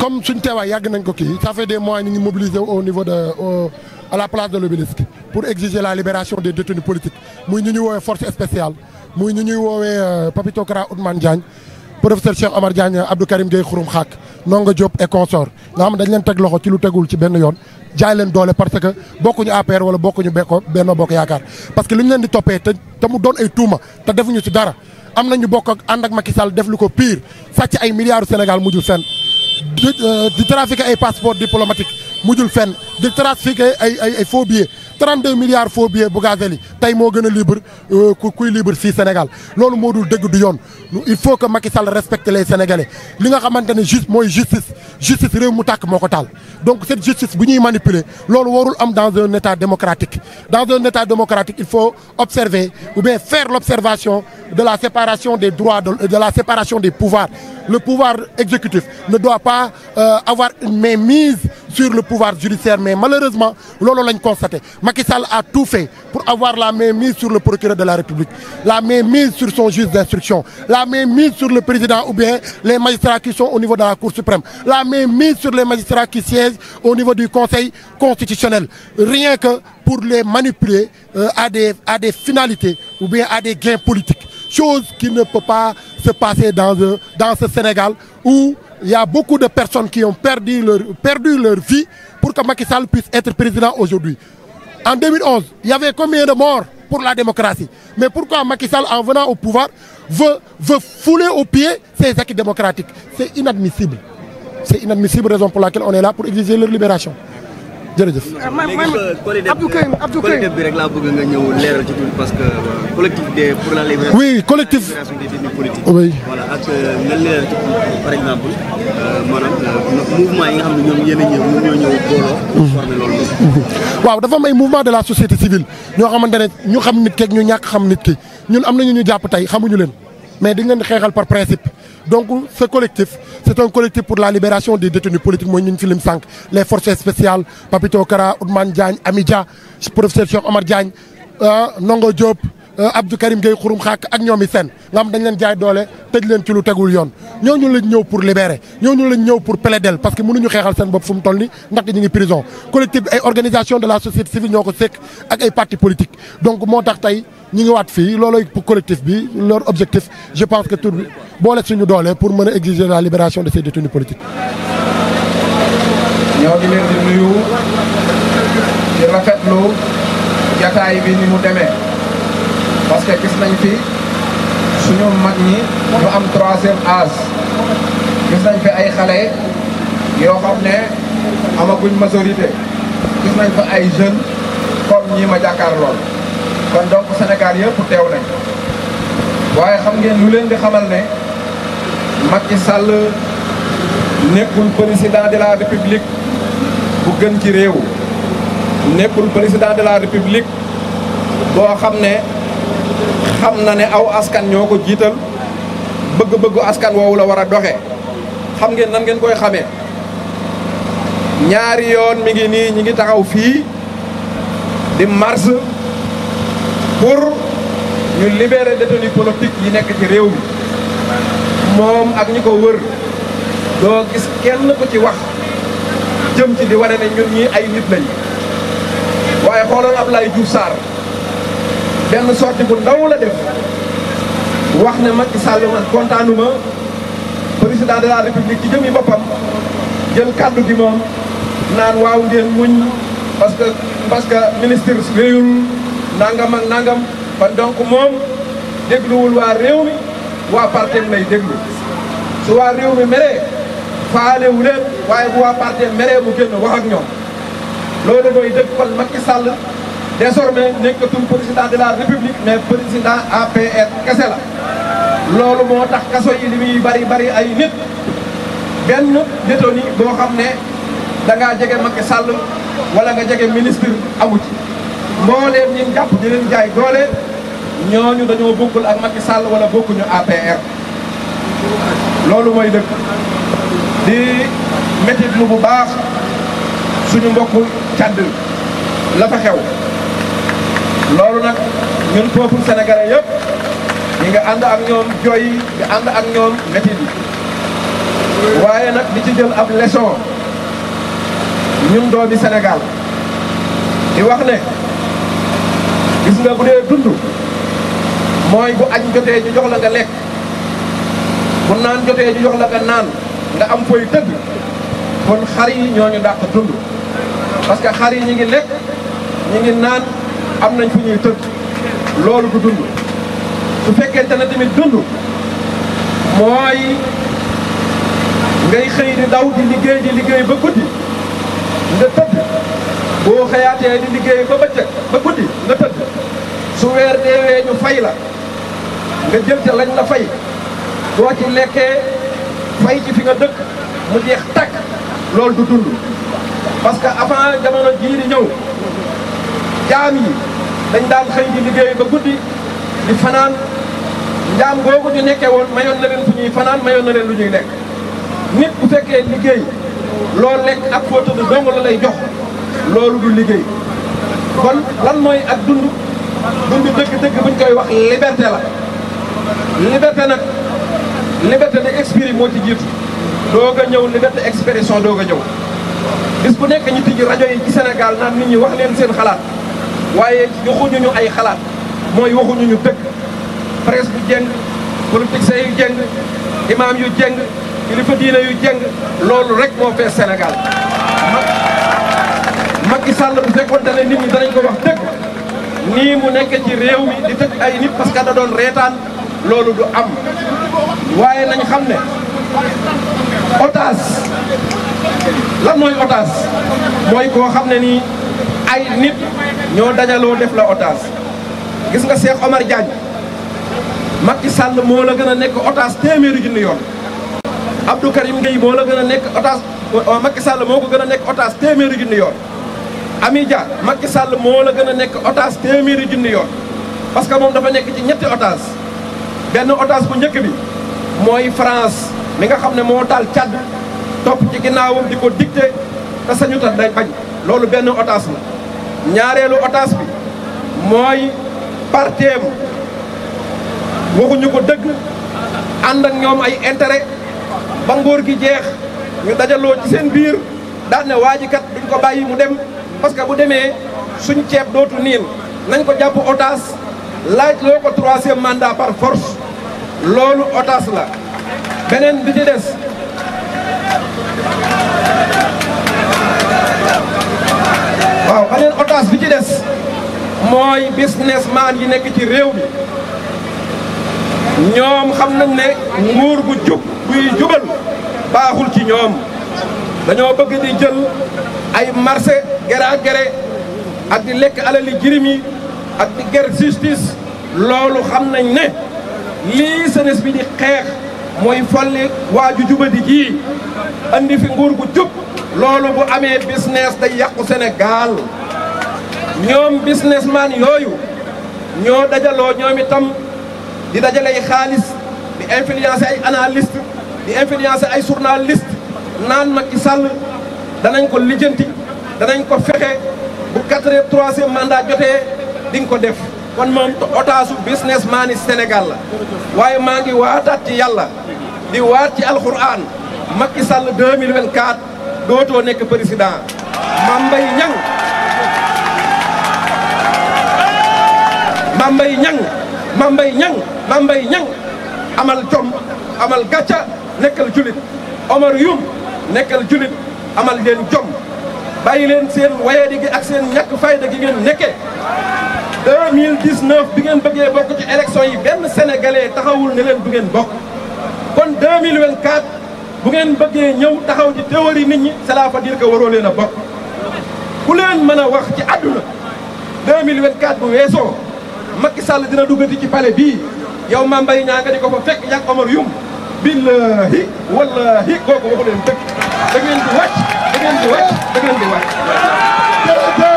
comme suñ teewaay yàgg nañ ko kii ça fait des mois ñu ngi mobiliser au niveau de à la place de l'obélisque pour exiger la libération des détenus politiques muy ñu ñuy woowee force spéciale muy ñu ñuy woowee euh, Papito Kara Ousmane Diagne professeur Cheikh Omar Diagne Abdou Karim Gueye Xurum Xaak Ndongo Diop et consort nga xam ne dañ leen teg loxo ci lu tegul ci benn yoon jaay leen doole parce que bokkuñu APR wala bokkuñu benn Bokk Yaakaar parce que li ñu leen di toppee t te mu doon ay tuuma te ci dara am na ñu bokk ak ànd ak Macky Sall def lu ko pire sàcc ay milliards Sénégal mujjul fenn di euh, trafiquer ay passeport diplomatique mujjul fenn di trafiquer ay ay ay faux billets 32 milliards faux bu Bougazelli tey moo gën a libre euh, kuy libre fii Sénégal loolu moo dul dëgg du yoon il faut que Macky Sall respecte les Sénégalais li nga xamante ne juste mooy justice justice réew mu tàkk moo ko taal donc cette justice bu ñuy manipuler loolu warul am dans un état démocratique dans un état démocratique il faut observer ou bien faire l'observation de la séparation des droits, de, de la séparation des pouvoirs. Le pouvoir exécutif ne doit pas euh, avoir une mainmise sur le pouvoir judiciaire mais malheureusement loolu lañ constaté Macky Sall a tout fait pour avoir la main mise sur le procureur de la République la main mise sur son juge d'instruction la main mise sur le président ou bien les magistrats qui sont au niveau de la Cour suprême la main mise sur les magistrats qui siègent au niveau du Conseil constitutionnel rien que pour les manipuler euh, à des des finalités ou bien à des gains politiques chose qui ne peut pas se passer dans dans ce Sénégal Il y a beaucoup de personnes qui ont perdu leur, perdu leur vie pour que Macky Sall puisse être président aujourd'hui. En il y avait combien de morts pour la démocratie Mais pourquoi Macky Sall, en venant au pouvoir, veut, veut fouler aux pieds ces acquis démocratiques C'est inadmissible. C'est inadmissible, raison pour laquelle on est là pour exiger leur libération. jërëjëf. Euh, euh, léegi Abdou Karim euh, Abdou Karim collectif bi rek laa bëgg nga ñëw leeral ci tuuti parce que collectif des pour ñoom yéen loolu mhm. waaw dafa am ay mouvement de la société civile ñoo xamante ne ñu xam nit ki ñu ñàkk xam nit ki ñun am nañu ñu jàpp tey xamuñu leen mais dañ leen di xeexal par principe. donc ce collectif c'est un collectif pour la libération des détenus politiques mooy ñu ñu fi lim sànq les forces spéciales Papito Kara ah, ah, ak ñoom i seen nga xam dañ leen jaay doole tëj leen ci lu tegul yoon ñooñu lañ ñëw pour libérer ñooñu lañ ñëw pour plaider parce que mënuñu xeexal seen bopp fu mu toll ni ndaxte ñu ngi prison collectif ay organisation de la société civile politique moo tax tey ñu ngi waat fii loolooy collectif bi leur objectif je pense que tout boole suñu doolee pour mën a exiger la libération de ces détenus politiques. ñoo ngi leen di nuyu di rafetlu jataay bi ni mu demee parce gis nañ fi suñu mag ñi ñu am troisième âge gis nañ fi ay xale yoo xam ne amaguñ majorité gis nañ fa ay jeunes comme ñi ma jàkkaar lool kon donc Sénégal yëpp teew nañ waaye xam ngeen lu leen di xamal ne Macky Sall nekkul président de la république bu gën ci réew nekkul président de la république boo xam ne xam na ne aw askan ñoo ko jiital bëgg-bëggu askan woowu la war a doxe xam ngeen nan ngeen koy xamee ñaari yoon mi ngi nii ñi ngi taxaw fii di mars pour ñu libérer détenus politiques yi nekk ci réew mi moom ak ñi ko wër doo gis kenn ko ci wax jëm ci di wane ne ñun ñi ay nit lañ waaye xoolal Ablaye Diouf Sarr benn sorti bu ndaw la def wax ne Macky Sall ma kontaanuma président de la république jëm jëmi boppam jël kàddu gi moom naan waaw ngeen muñ parce que parce que ministre réyul nangam ak nangam kon donc moom dégluwul waa réew mi waa parteem nay déglu su waa réew mi meree faale leen waaye bu waa parteem meree mu génn wax ak ñoom loolu mooy dëgg kon Macky Sall désormais nekkatul président de la république mais président APR kese la loolu moo tax kaso yi li bari bari ay nit benn détenu boo xam ne da ngaa jege Macky Sall wala nga jege ministre amu ci mbooleem ñi jàpp di leen jaay doole ñooñu dañoo bokkul ak Macky Sall wala bokkuñu APR loolu mooy dëkk di métit bu baax suñu mbokku càdd la fa xew loolu nag ñun peuple sénégalais yëpp ñi nga ànd ak ñoom jooy nga ànd ak ñoom métit yi waaye nag di ci jël ab leçon ñun doomi senegal di wax ne gis nga bu dee dund mooy bu añ jotee ñu jox la nga lekk bu naan jotee ñu jox la nga naan nga am fooy dëgg kon xar yi ñooñu dàq dund parce que xar yi ñu ngi lekk ñu ngi naan am nañ fu ñuy tëgg loolu du dund su fekkente ne tamit dund mooy di daw di liggéey di ba guddi nga tëdd boo xëyaatee di liggéey ba bëccëg ba guddi nga tëdd su weer deewee ñu fay la nga jël ca lañ la fay boo ci lekkee fay ci fi nga dëkk mu jeex takk lool du dund parce que avant jamono jii di ñëw jaam yi dañ daan xëy di liggéey ba guddi di fanaan njaam googu ñu nekkee woon mayoon na leen fu ñuy fanaan mayoon na leen lu ñuy lekk nit bu fekkee liggéey loo lekk ak foo tëdd dong la lay jox loolu du liggéey kon lan mooy ak dund dund dëgg-dëgg buñ koy wax liberté la liberté nag liberté de exprime moo ci jiitu doog ñëw liberté expression doog a ñëw bis bu nekk ñu tijji rajo yi ci Sénégal naan nit ñi wax leen seen xalaat waaye waxuñu ñu ay xalaat mooy waxuñu ñu dëkk presse bu jeng politiciens yu jeng imam yu jeng kilifa diine yu jeng loolu rek moo fees Sénégal Macky Sall bu fekkoon ne nit ñi danañ ko wax dëgg nii mu nekk ci réew mi di tëj ay nit parce que da doon reetaan loolu du am waaye nañ xam ne otage lan mooy otage mooy koo xam ne nii ay nit ñoo dajaloo def la otage gis nga Cheikh Omar Diagne Macky sàll moo la gën a nekk otage téeméeri junni yoon Abdou Karim Gueye moo la gën a nekk otage euh, Macky Sall moo ko gën a nekk otage téeméeri junni yoon Ami Dia Macky sàll moo la gën a nekk otage téeméeri junni yoon parce que moom dafa nekk ci ñetti otage benn otage bu njëkk bi mooy France mi nga xam ne moo taal Tchad topp ci ginnaawam di ko dicté te sañu ta day bañ loolu benn otage la ñaareelu otage bi mooy parteem waxuñu ko dëgg ànd ñoom ay intérêt ba ngóor gi jeex ñu dajaloo seen biir daan ne waa kat duñ ko bàyyi mu dem parce que bu demee suñ ceeb dootu niin nañ ko jàpp otage laaj loo ko troisième mandat par force loolu otas la beneen bi ci des waaw beneen otas bi ci des mooy businessman yi nekk ci réew mi ñoom xam nañ ne nguur gu jub buy jubal baaxul ci ñoom dañoo bëgg di jël ay marché gera gere ak di lekk alali jirim ak di ger justice loolu xam nañ ne lii jeunesse bi di xeex mooy folli waa ju di ji andi fi nguur gu jub loolu bu amee business day yàqu Sénégal ñoom businessman yooyu ñoo dajaloo ñoom itam di dajalay xaalis di influencer ay analyste di influencer ay journaliste naan Macky Sall danañ ko lijjanti danañ ko fexe bu 4e 3e mandat di nga ko def. kon moom otaasu businessman yi Sénégal la waaye maa ngi waataat ci yàlla di waat ci alxuraan makki Sall 2024 dootoo nekk président Mame Mbaye Niang Mame Mbaye Niang Mame Mbaye Niang Mame Mbaye amal jom amal gàcca nekkal julit Omar Youm nekkal julit amal leen jom bàyyi leen seen wayadi gi ak seen ñàkk fayda gi ngeen nekke 2019 bi ngeen bëggee bokk ci élection yi benn sénégalais taxawul ne leen du ngeen bokk kon 2024 bu ngeen bëggee ñëw taxaw ci théorie nit ñi cela veut dire que waroo leen a bokk ku leen mën a wax ci àdduna 2024 bu weesoo Macky sàll dina duggati ci palais bii yow Mame Mbaye Niang nga di ko fa fekk yàgg Omar Youm billahi wallahi kooku waxu leen dëgg da ngeen di wàcc da ngeen wàcc da ngeen wàcc